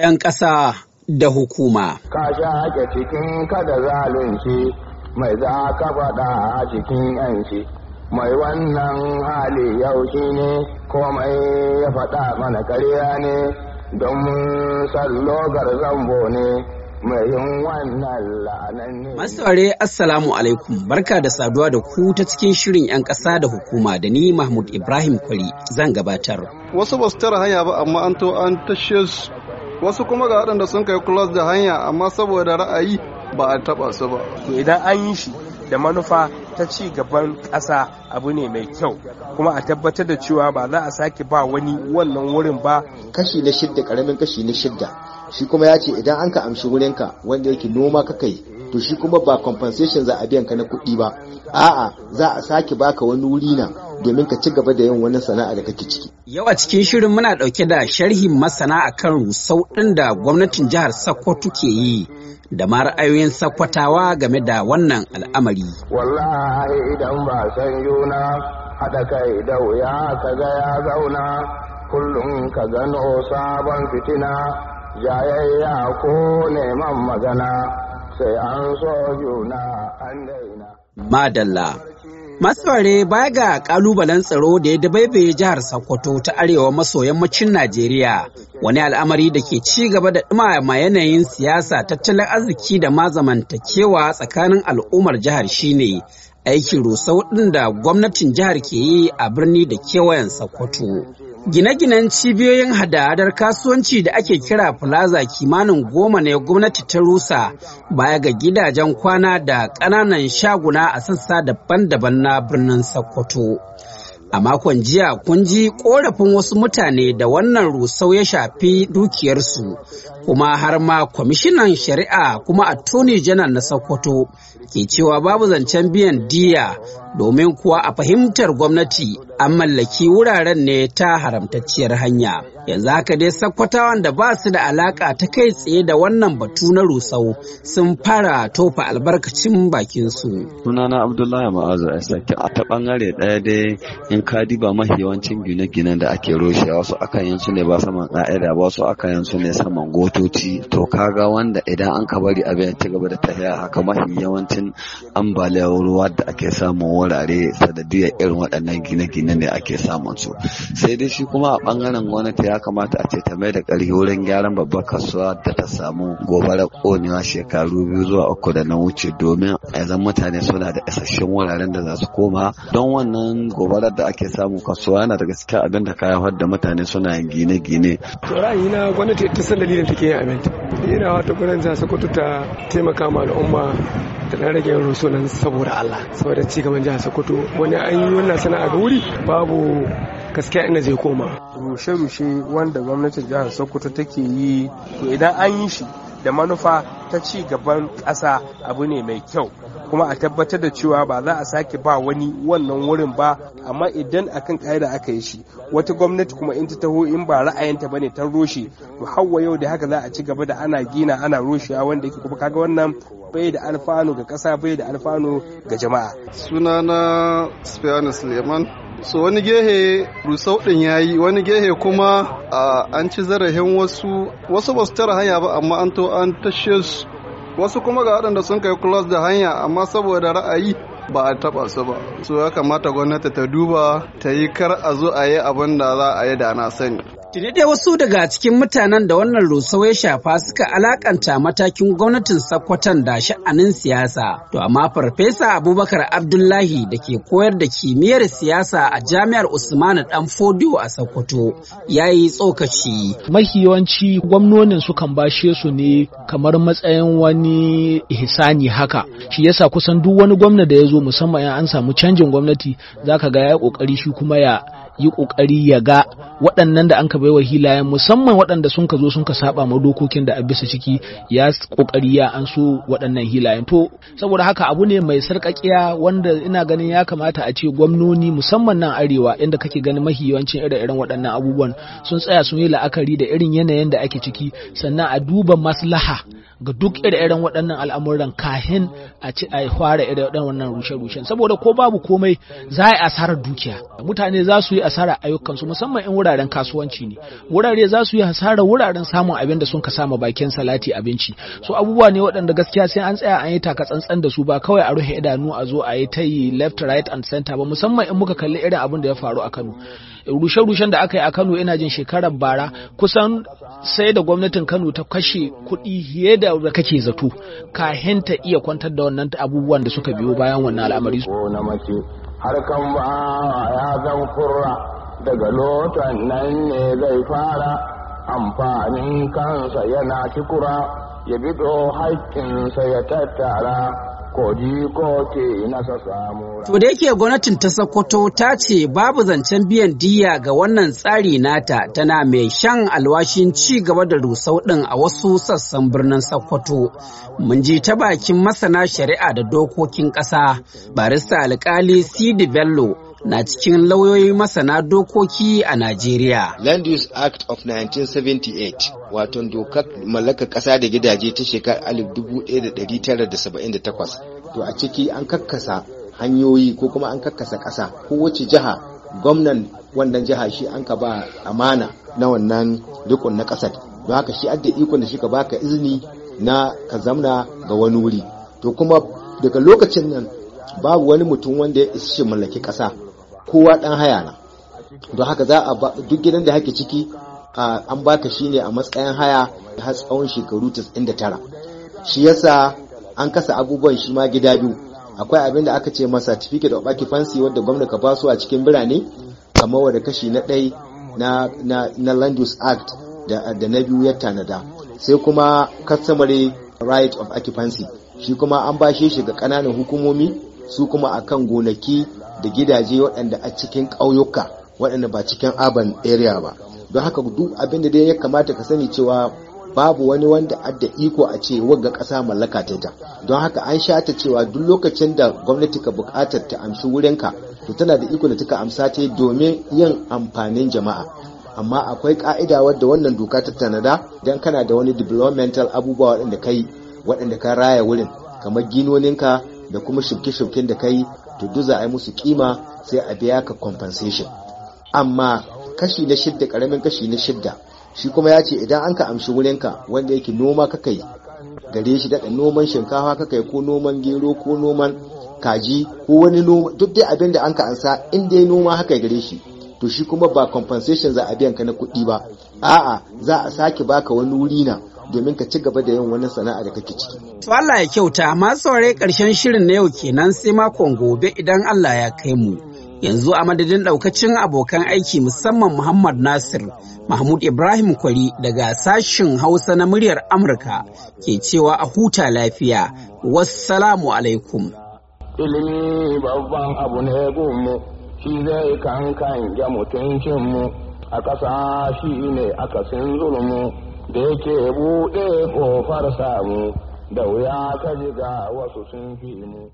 'yan ƙasa da hukuma. Ka sha ake cikin kada zalunci mai za ka faɗa a cikin shi, mai wannan hali yau shi ne komai ya faɗa mana karya ne don mun logar zambo ne. Masauare Assalamu alaikum barka da saduwa da ku ta cikin shirin 'yan ƙasa da hukuma da ni Mahmud Ibrahim Kwari zan gabatar. Wasu ba su tara hanya ba amma an to an tashe wasu kuma ga waɗanda sun kai close da hanya amma saboda ra'ayi ba a taɓa su ba to idan an yi shi da manufa ta ci gaban ƙasa abu ne mai kyau kuma a tabbatar da cewa ba za a sake ba wani wannan wurin ba kashi na shidda karamin kashi na shidda shi kuma ya ce idan an ka amshi wurinka wanda yake noma ka kai to shi kuma ba compensation za a biyan ka na kuɗi ba a'a za a sake baka wani wuri na domin ka ci gaba da yin wani sana'a da kake ciki. Yau a cikin shirin muna ɗauke da sharhin masana a kan rusau ɗin da gwamnatin jihar Sokoto ke yi da ma ra'ayoyin Sokotawa game da wannan al'amari. Wallahi idan ba san juna haɗa kai da wuya ka ga ya zauna kullum ka gano sabon fitina jayayya ko neman magana sai an so juna an daina. Madalla. Masfare baya ga kalubalen tsaro da ya dabaibaye jihar Sokoto ta arewa maso yammacin Najeriya wani al'amari da ke ci gaba da ɗumama yanayin siyasa tattalin arziki da ma zamantakewa tsakanin al'ummar jihar shine aikin rusau ɗin da gwamnatin jihar ke yi a birni da kewayen Sokoto. Gine-ginen cibiyoyin hada-hadar kasuwanci da ake kira plaza kimanin goma ne gwamnati ta rusa baya ga gidajen kwana da ƙananan shaguna a sassa daban-daban na birnin Sokoto. A makon jiya kun ji ƙorafin wasu mutane da wannan rusau ya shafi dukiyarsu, kuma har ma kwamishinan shari'a kuma a tuni janar na Sokoto ke cewa babu zancen biyan diya domin kuwa a fahimtar gwamnati an mallaki wuraren ne ta haramtacciyar hanya. Yanzu haka dai sakkwatawan da ba su da alaka ta kai tsaye da wannan batu na rusau sun fara tofa albarkacin bakin su. Sunana Abdullahi Ma'azu Aisaki a ta bangare ɗaya dai in ka diba mahi yawancin gine gine da ake roshe wasu akan yin su ne ba saman ƙa'ida wasu akan yin su ne saman gotoci to kaga wanda idan an ka bari abin ya ci gaba da tafiya haka mahi yawancin ambaliyar ruwa da ake samu wurare sanadiyar irin waɗannan gine-gine ne ake samun su sai dai shi kuma a ɓangaren gwamnati ya kamata a ce ta mai da ƙarfi wurin gyaran babbar kasuwa da ta samu gobarar ƙonewa shekaru biyu zuwa uku da na wuce domin a yanzu mutane suna da isasshen wuraren da za su koma don wannan gobarar da ake samu kasuwa yana da gaske abin da ka haifar da mutane suna yin gine-gine. na gwamnati ta san dalilin take yin abin ina wata gwamnati za su ta taimaka ma al'umma da rage rusunan saboda Allah saboda cigaban jihar a sokoto wani an yi wannan sana'a ga wuri babu gaskiya ina zai koma rushe-rushe wanda gwamnatin jihar sokoto take yi to idan an yi shi da manufa ta ci gaban ƙasa abu ne mai kyau kuma a tabbatar da cewa ba za a sake ba wani wannan wurin ba amma idan akan ƙa'ida aka yi shi wata gwamnati kuma in ta taho in ba ra'ayinta bane ta roshe to hawa yau da haka za a ci gaba da ana gina ana roshewa wanda yake kuma kaga wannan bai da alfanu ga ƙasa bai da alfanu ga jama'a sunana spanish Suleiman so wani gehe rusau din ya yi, wani gehe kuma an ci zarafin wasu wasu ba su tara hanya ba amma an to an tashe su wasu kuma ga waɗanda sun kai kulas da hanya amma saboda ra'ayi ba a taba su ba so ya kamata gwamnati ta duba ta yi kar a zo a yi abin da za a yi da na sani Tuni dai wasu daga cikin mutanen da wannan rusau ya shafa suka alakanta matakin gwamnatin sakwatan da sha'anin siyasa. To amma Farfesa Abubakar Abdullahi da ke koyar da kimiyyar siyasa a Jami'ar Usmanu Dan Fodio a Sokoto ya yi tsokaci. Mafi yawanci gwamnonin sukan bashe su ne kamar matsayin wani ihsani haka. Shi yasa kusan duk wani gwamna da ya zo musamman an samu canjin gwamnati za ka ga ya kokari shi kuma ya yi ƙoƙari ya ga waɗannan da an ka baiwa hilayen musamman waɗanda sun ka zo sun ka saba ma dokokin da a bisa ciki ya ƙoƙari ya an so waɗannan hilayen to saboda haka abu ne mai sarƙaƙiya wanda ina ganin ya kamata a ce gwamnoni musamman nan arewa inda kake ganin mahi yawancin ire-iren waɗannan abubuwan sun tsaya sun yi la'akari da irin yanayin da ake ciki sannan a duba maslaha ga duk ire-iren waɗannan al'amuran kahin a ci a fara ire waɗannan rushe-rushen saboda ko babu komai za a asarar dukiya mutane za su yi asarar ayyukansu musamman in wuraren kasuwanci ne wurare za su yi asarar wuraren samun abin da sun ka sama bakin salati abinci so abubuwa ne waɗanda gaskiya sai an tsaya an yi taka tsantsan da su ba kawai a rufe idanu a zo a yi ta yi left right and center ba musamman in muka kalli irin abin da ya faru a Kano rushe-rushen da aka yi a Kano ina jin shekarar bara kusan sai da gwamnatin Kano ta kashe kuɗi fiye da kake zato kahin ta iya kwantar da wannan abubuwan da suka biyo bayan wannan al'amari. Har kan ba ya zan kurra daga lotan nan ne zai fara amfanin kansa yana kikura ya bido haƙƙinsa ya tattara To da yake gwamnatin ta Sokoto ta ce babu zancen biyan diya ga wannan tsari nata tana mai shan alwashin ci gaba da rusau ɗin a wasu sassan birnin Sokoto. Mun ji ta bakin masana shari'a da dokokin ƙasa, barista alkali Sidi Bello na cikin lauyoyi masana dokoki a Najeriya. Land Use Act of 1978 wato dokar mallakar ƙasa da gidaje ta shekarar 1978 to a ciki an kakkasa hanyoyi ko kuma an kakkasa ƙasa kowace jiha gwamnan wannan jiha shi an ka ba amana na wannan rikon na ƙasar don haka shi adda ikon da shi ka baka izini na ka zamna ga wani wuri to kuma daga lokacin nan babu wani mutum wanda ya isa shi mallaki ƙasa kowa dan haya na don haka za a duk gidan da hake ciki an ba baka shi ne a matsayin haya har tsawon shekaru 99 shi yasa an kasa abubuwan shi ma gida biyu akwai abin da aka ce masa certificate of occupancy wadda gwamna ka basu a cikin birane kamar wadda kashi na ɗai na, land use act da, na biyu ya tanada sai kuma customary right of occupancy shi kuma an bashe shi ga ƙananan hukumomi su kuma akan gonaki da gidaje waɗanda a cikin ƙauyuka waɗanda ba cikin urban area ba don haka duk abin da dai ya kamata ka sani cewa babu wani wanda adda iko a ce wagga ƙasa mallaka ta ta don haka an sha ta cewa duk lokacin da gwamnati ka buƙatar ta amshi wurinka to tana da iko da ta amsa ta domin yin amfanin jama'a amma akwai ka'ida wadda wannan doka ta tanada don kana da wani developmental abubuwa waɗanda kai waɗanda ka raya wurin kamar ginoninka da kuma shuke shimken da kai to za a yi musu kima sai a biya ka compensation amma kashi na shidda karamin kashi na shidda shi kuma ya ce idan an ka amshi wurinka wanda yake noma ka kai gare shi daɗa noman shinkafa ka kai ko noman gero ko noman kaji ko wani noma duk dai abin da an ka ansa in ya noma haka gare shi to shi kuma ba compensation za a biyan ka na kuɗi ba a'a za a sake baka wani wuri na domin ka ci gaba da yin wani sana'a da kake ciki. To Allah ya kyauta masu saurayi karshen shirin na yau kenan sai makon gobe idan Allah ya kai mu. Yanzu a madadin daukacin abokan aiki musamman Muhammad Nasir, Mahmud Ibrahim Kwari daga sashin Hausa na muryar Amurka ke cewa a huta lafiya. Wassalamu alaikum. Ilimi babban abu ne gumu, shi zai kankan ya mutuncinmu, a ƙasa shi ne akasin zulmu. da yake buɗe ƙofar samu da wuya ka jiga wasu sun fi mu.